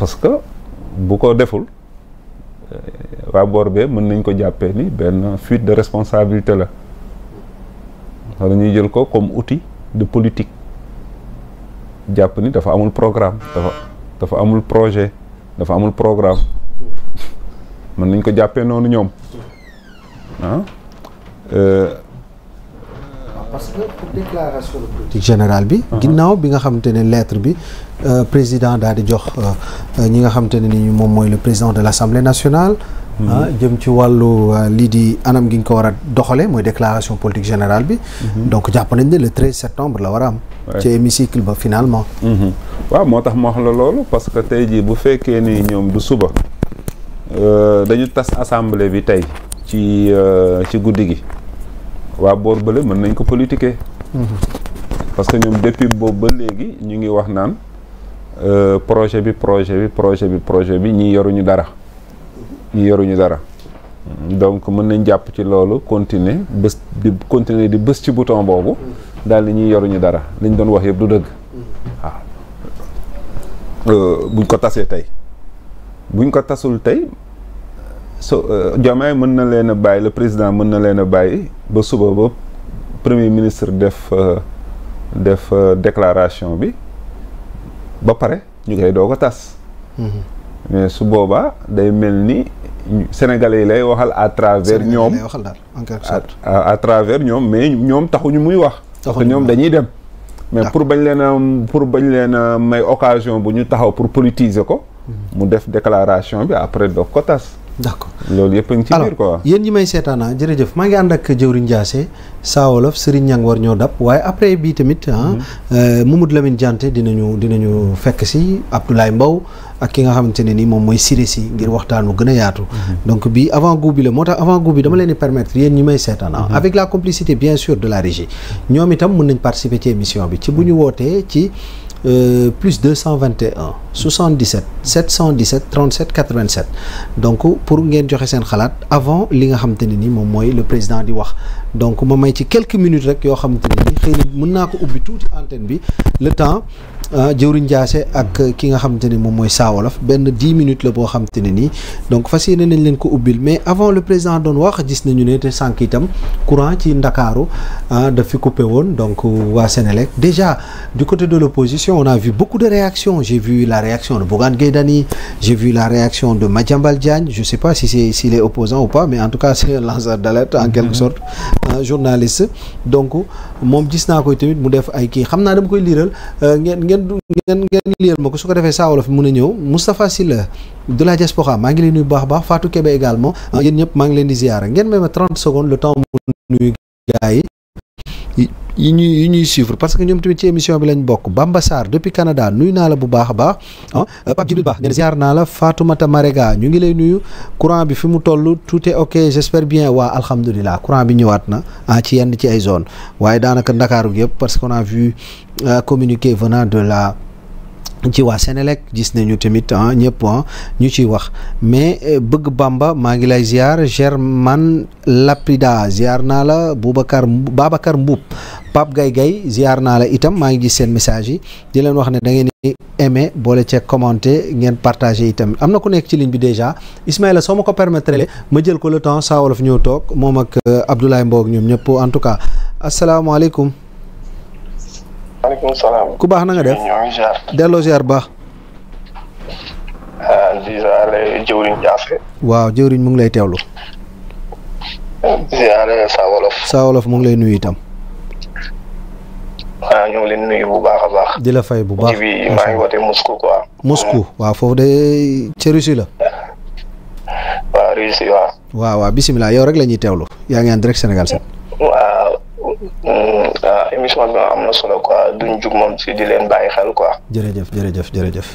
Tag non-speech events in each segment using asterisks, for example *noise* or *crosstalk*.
parce que bu ko deful euh, waa boor bee mën nañ ko jàppee ni benn fuite de responsabilité la ñuy jël ko comme outil de politique jàpp ni dafa amul programme dafa amul projet dafa amul programme *laughs* mën nañ ko jàppee noonu ñoom ah euh, base la bi. Uh-huh. ginnaaw bi nga xamante ne lettre bi euh, président daal di jox euh, euh, ñi nga xamante ne ni moom mooy le président de l'Assemblée nationale. Uh-huh. Ah, jëm ci wàllu lii di anam gi nga ko war a doxalee mooy déclaration politique général bi. Uh-huh. donc jàpp nañ le 13 septembre la war a am. ci hémicycle ba finalement. waaw moo tax ma wax la loolu parce que tey jii bu fekkee ni ñoom du suba dañu tas assemblée bi tey ci ci guddi gi. waa boor bële mën nañ ko politiquer. Mhm. parce que ñoom depuis boobu ba léegi ñu ngi wax naan euh, projet bi projet bi projet bi projet bi ñi yoruñu dara ñi yoruñu dara donc mën nañ jàpp ci loolu continuer bës continuer di bës ci bouton boobu daal di ñuy yoruñu dara lañ doon wax yëpp du dëgg waaw euh, buñ ko tasee tey buñ ko tasul tey so uh, Diomaye mën na leen a bàyyi la président mën na leen a bàyyi ba suba ba premier ministre def uh, def uh, déclaration bi ba pare ñu koy doo ko tas mhm. mais su boobaa day mel ni sénégalais yi lay waxal à travers ñoom à travers ñoom mais ñoom taxuñu muy wax parce ñoom dañuy dem mais pour bañ leen a pour bañ leen a may occasion bu ñu taxaw pour politiser ko mhm. mu def déclaration bi après doo ko tas d'accord loolu yëpp ngi ci biir quoi yéen ñi may seetaana ah, jërëjëf maa ngi ànd ak jëwriñ Ndiassé Saa Wolof Serigne Niang war ñoo dab waaye après bii tamit ah mhm. euh, Mamadou Lamine Dianté dinañu dinañu fekk si Abdoulaye Mbow ak ki nga xamante ne nii moom mooy siré si ngir waxtaan wu gën a yaatu mhm. donc bii avant goût bi la moo tax avant goût bi dama leen di permettre yéen ñi may seetaana ah, mhm. avec la complicité bien sûr de la régie ñoom itam mën nañ participer ci émission bi ci bu ñu wootee ci euh, plus 221 77 717 37 87 donc pour ngeen joxe seen xalaat avant li nga xamante ne nii moom mooy le président di wax donc ma may ci quelques minutes rek yoo xamante ne ni xëy na mën naa ko ubbi tuuti antenne bi le temps Ah, jëwriñ Ndiassé ak ki nga xamante ne moom mooy Saawolof benn dix minutes la boo xamante ne nii donc fas yéene nañ leen ko ubbil mais avant le président doon wax gis nañu ne te sànq itam courant ci Ndakaaru ah, daf fi coupé woon donc euh, waa Sénélec déjà du côté de l'opposition on a vu beaucoup de réactions j'ai vu la réaction de Bougane Gueye Dany j'ai vu la réaction de Madiambal Diagne je sais pas si c'est s'il est opposant ou pas mais en tout cas *laughs* c'est un lanceur mm-hmm. moom gis naa koy tamit mu def ay kii xam naa dama koy liiral euh, ngeen ngeen ngeen liyal ma ko su ko defee saa wolof mun a ñëw Moustapha Sylla de la diaspora maa ngi leen nuyu baax baax Fatou Kébé également ah, yéen ñëpp maa ngi leen di ziyaara ngeen may ma 30 le temps mu nuyu gars yi yi ñuy yi parce que ñoom tamit ci émission bi lañu bokk bambasaar Sarr depuis Canada nuyu naa la bu baax baax ah euh, Pape Djibril Ba nee naa la Fatoumata Marega ñu ngi lay nuyu courant bi fi mu toll tout est ok j'espère bien waa alhamdulilah courant bi ñëwaat na ah, ci yenn ci ay zone waaye daanaka Ndakaaru yëpp parce qu'on a Euh, communiqué venant de la ci waa Sénélec gis nañu tamit ñëpp ñu ciy wax mais euh, bëgg Bamba maa ngi lay ziar Germain Laprida ziar naa la Boubacar Babacar Mbuub Pape Gaye gay ziar naa la itam maa ngi gis seen message yi di leen wax ne da ngeen di boole ceeg commenter ngeen partager itam am na ku nekk ci ligne bi déjà Ismaïla soo ma ko permettre ma jël ko le temps saa wolof ñëw toog moom ak euh, Abdoulaye Mbog ñoom ñëpp en tout cas asalaamaaleykum. maaleykum salaam. ku baax na nga def ñoo ngi baax. Ah, waaw jëwriñ mu ngi lay teewlu. ziare Saa Wolof. Saa Wolof mu ngi lay nuyu itam. waaw ah, ñoo ngi leen nuyu bu baax a baax. di la fay bu baax ji maa ngi woote Moscou quoi. Moscou waaw foofu de ca la. waaw Russie waaw. waaw waaw yow rek la ñuy teewlu yaa ngi en direct Sénégal 7. waaw ah, émission bi am na solo quoi duñ jug moom si di leen bàyyi xel quoi. jërëjëf jërëjëf jërëjëf.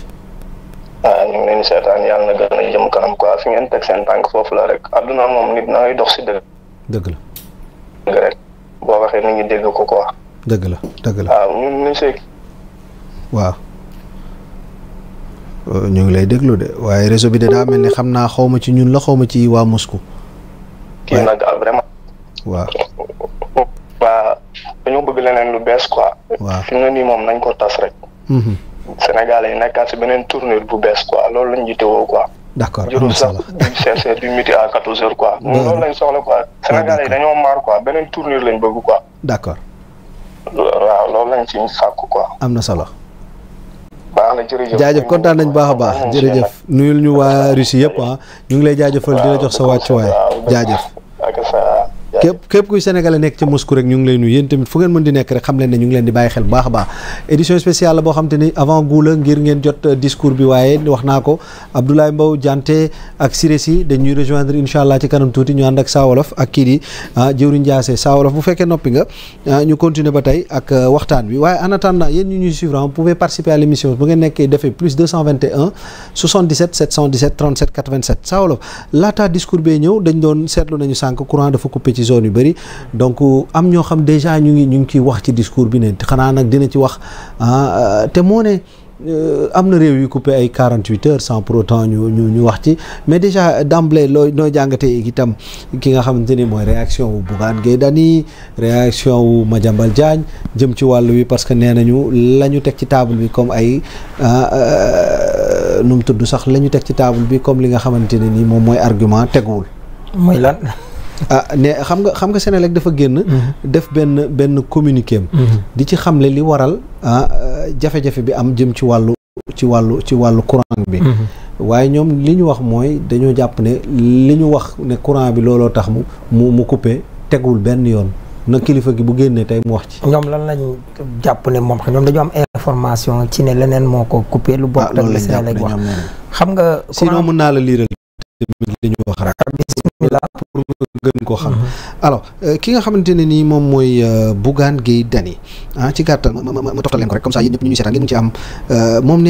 waaw ah, ñu ngi leen di seetaan yàlla na gën a jëm kanam quoi fi ngeen teg seen tànk foofu la rek adduna moom nit na ngay dox si dëgg. dëgg la. dëgg boo waxee nit ñi dégg ko quoi. dëgg la dëgg la waaw ah, ñun ñu see. waaw. Euh, ñu ngi lay déglu de waaye réseau bi de daa mel ni xam naa xaw ma ci ñun la xaw ma ci waa Moscou. kii nag vraiment. waaw. dañoo bëgg leneen lu bees quoi. waaw fi mu ne nii moom nañ ko tas rek. Mhm. Sénégal yi nekkaat si beneen tournure bu bees quoi loolu lañ jiite woo quoi. d' accord am na solo jërëjëf sax du CHR du midi à 14h quoi. loolu lañ soxla quoi. Sénégal yi dañoo maar quoi beneen tournure lañ bëgg quoi. d' accord. waaw loolu lañ si sàkk quoi. am na solo. baax na jërëjëf jaajëf kontaan nañ baax a baax jërëjëf nuyul ñu waa Russie yëpp ah ñu ngi lay jaajëfal di la jox sa wàccuwaay jaajëf. képp képp kuy sénégalais nekk ca Moscou rek ñu ngi lay tamit fu ngeen mën di nekk rek xam leen ne ñu ngi leen di bàyyi xel baax a baax édition spéciale boo xam te ni avant goût ngir ngeen jot euh, discours bi waaye wax naa ko Abdoulaye Mbow Dianté ak Siré Sy dañuy rejoindre incha allah ci kanam tuuti ñu ànd ak Saawolof ak kii di ah, jëwriñ Ndiassé Saawolof bu fekkee noppi nga ah, ñu continuer ba tey ak euh, waxtaan bi waaye en attendant yéen ñu ñuy suivre ah, vous zone yu bëri donc am ñoo xam déjà ñu ngi ñu ngi ciy wax ci discours bi ne xanaa nag dina ci wax ah, euh, te moo ne euh, am na réew yu coupé ay 48 heures sans pour autant ñu ñu ñu wax ci mais déjà d'emblée loo noo jàngatee itam ki nga xamante ni mooy réaction wu Bougane Gueye Dany réaction wu Madiambal Diagne jëm ci wàll wi parce que nee nañu la ñu teg ci table bi comme ay ah, euh, nu mu tudd sax la ñu teg ci table bi comme li nga xamante ne ni moom mooy argument teguwul. a ah, ne xam nga xam nga Senelec dafa génn. Mhm. def benn benn communiqué mhm. di ci xamle li waral ah jafe bi am jëm ci wàllu ci wàllu ci wàllu courant bi. Mhm. waaye ñoom li ñu wax mooy dañoo jàpp ne li ñu wax ne courant bi looloo tax mu mu mu coupé tegul benn yoon. na kilifa gi bu génnee tey mu wax ci. ñoom la lañ jàpp ne moom ñoom dañoo am information ci leneen moo ko coupé. lu bokk ah, ak li Senelec xam nga. sinon mën naa la liiral li ñu wax rek. Ah, pour nga gën koo xam. Mhm. alors euh, ki nga xamante ne nii moom mooy euh, Bougane Gueye Dany ah ci gàttal ma ma ma toftal leen ko rek comme ça yéen ñëpp ñu ngi seetaan ngeen ci am euh, moom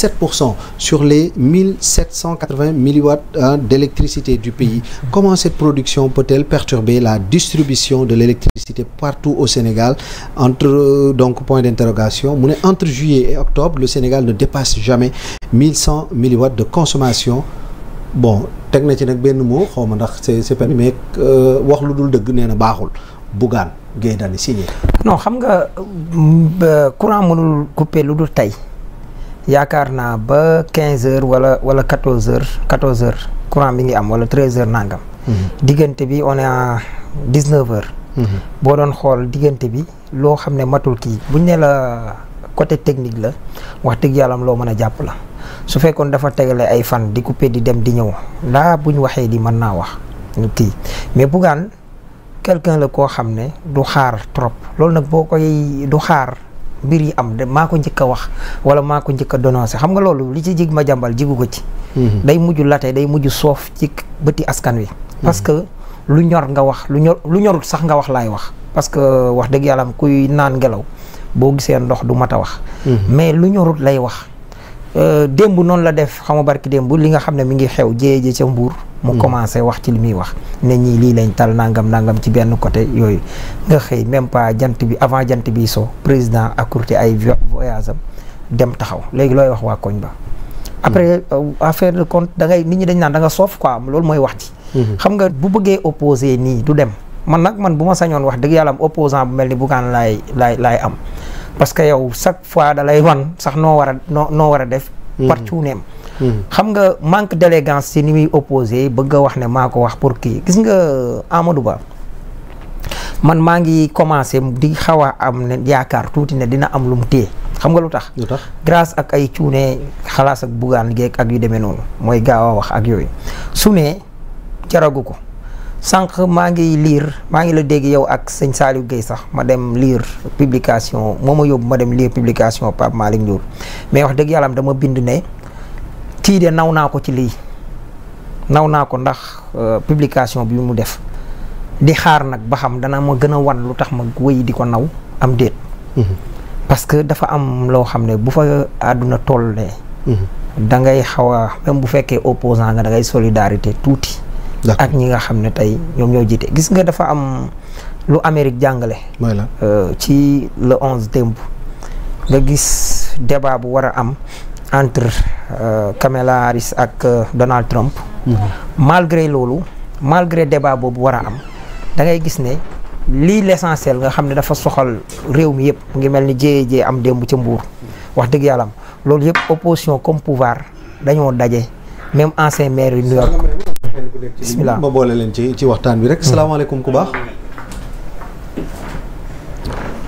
cent sur les 1780 milliwatts d'électricité du pays. Mhm. comment cette production peut-elle perturber la distribution de l'électricité partout au Sénégal entre donc point d'interrogation mu ne entre juillet et octobre le Sénégal ne dépasse jamais 1100 milliwatts de consommation. bon teg na ci nag benn mot xaw ma ndax c'est c'est mais euh, wax lu dul dëgg nee na baaxul Bougane Gueye Dany signé. non xam nga courant mënul couper lu dul tey yaakaar naa ba 15 heures wala wala 14 heures 14 heures courant bi ngi am wala 13 heures nangam. Mhm. diggante bi on est à 19 heures. Mhm. boo doon xool diggante bi loo xam ne matul kii buñ ne la côté technique la wax dëgg yàllam loo mën a jàpp la. su fekkoon dafa tegale ay fan di coupé di dem di ñëw daa bu ñu waxee di mën naa wax ñu kii mais Bougane quelqu'un la koo xam ne du xaar trop loolu nag boo koy du xaar mbir yi am de ko njëkk a wax wala maa ko njëkk a dénoncé xam nga loolu li ci jig ma jàmbal jigu ko ci. Mhm. day mujj late day mujju soof ci bëti askan wi. Mhm. parce que lu ñor nga wax lu ñor lu ñorut sax nga wax laay wax. parce que wax dëgg yàlla kuy naan ngelaw boo gisee ndox du mat a wax. Mhm. mais lu ñorut lay wax. Euh, démb noonu la def xama barki démb li nga xam ne mi ngi xew jéye ji ca Mbuur mu mm. commencé wax ci li muy wax ne ñi lii lañ tal nangam nangam ci benn côté yooyu nga xëy même pas jant bi avant jant bi so président accourté ay voyage am dem taxaw léegi looy wax waa koñ ba après mm. euh, affaire de compte da ngay nit ñi dañ naan da nga soof quoi loolu mooy wax ci mm-hmm. xam nga bu bëggee opposé nii du dem man nag man bu ma sañoon wax dëgg yàlla am opposant bu mel ni Bougane laay laay laay am parce que yow chaque fois dalay lay wan sax noo war a noo noo war a def. Hmm. par cuuneem. Hmm. xam nga manque d'élégance si ni muy opposé bëgg a wax ne maa ko wax pour kii gis nga Amadou Ba man maa ngi commencé di xaw a am ne yaakaar tuuti ne dina am lu mu téye xam nga lu tax. lu tax grâce ak ay cuune xalaas ak bugaan liggéey ak yu demee noonu mooy gaaw a wax ak yooyu su ne jaragu ko. sànq maa ngi liir maa ngi la dégg yow ak sëñ Saliou Guèye sax ma dem liir publication moo ma yóbbu ma dem liir publication Pape Malick mais wax dëgg yàlla dama bind ne kii de naw naa ko ci lii naw naa ko ndax euh, publication bi mu def di xaar nag ba xam dana ma gën a wan lu tax ma wéy di ko naw am mhm. que dafa am loo xam ne bu fa àdduna toll ne mhm. da ngay xaw a bu fekkee opposant nga da ngay solidarité tuuti. ak ñi nga xam ne tey ñoom ñoo jiite gis nga dafa am lu Amérique jàngale. Euh, ci le onze démb nga gis débat bu war a am entre euh, Kamala Harris ak euh, Donald Trump. Mm-hmm. malgré loolu malgré débat boobu war a am dangay gis ne lii l'essentiel nga xam ne dafa soxal réew mi yëpp mu ngi mel ni jéyee jéyee am démb ci Mbuur wax dëgg yàlla am loolu yëpp opposition comme pouvoir dañoo daje même ancien maire yu New York. kenn ku ma boole leen ci ci waxtaan bi rek mm. salaamaaleykum ku baax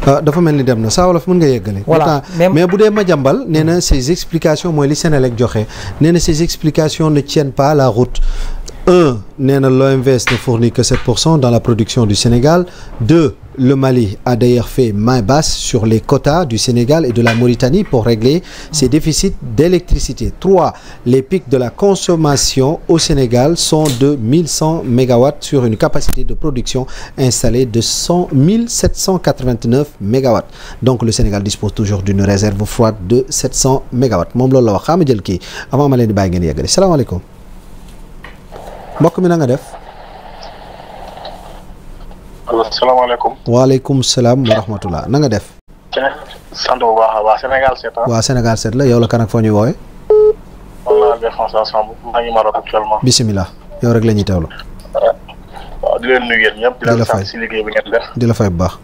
ah, dafa mel ni dem na saa wolof mën nga yeggale. voilà mais bu dee ma jàmbal nee na ces explications mooy li Sénélec joxe nee na ces explications ne tiennent pas la route. un nee na l'OMVS ne fournit que 7 pour cent dans la production du Sénégal Le Mali a d'ailleurs fait main basse sur les quotas du Sénégal de la Mauritanie pour régler ses de la consommation au Sénégal sont de 1100 MW sur une capacité de production installée de 100 1789 MW. Donc le Sénégal dispose toujours d'une réserve froide de 700 MW. moom loolu la wax xaama jël kii avant ma leen di bàyyi ngeen mi na Abdoulaye salaamaaleykum. waaleykum salaam wa rahmatulah na bu baax a baax Sénégal seet ah. la. waaw Sénégal la kan ak foo ñuy woowee. man laa bisimilah rek la ñuy teewlu. ñëpp. di la si liggéey bi di la fay bu baax.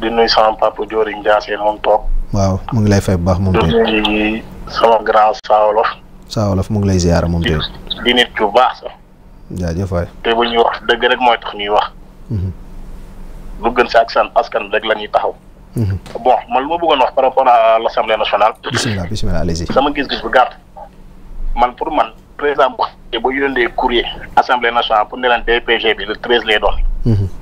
di nuyu sama papa Diori Ndiassé moom toog. waaw mu ngi lay fay bu baax moom tey. di nuyu sama grand Saawolof. Saawolof mu ngi lay ziyaara moom tey. di nit ku baax sax. te bu ñuy wax dëgg rek mooy tax ñuy wax. lu gën si ak seen askan rek la ñuy taxaw. Mhm. bon man lu ma bëggoon wax par rapport à l' assemblée nationale. bisimilah bisimilah allez sama gis-gis bu gàtt man pour man président bu ba yónnee courrier assemblée nationale pour ne leen DPG bi le treize lay doon. Mhm.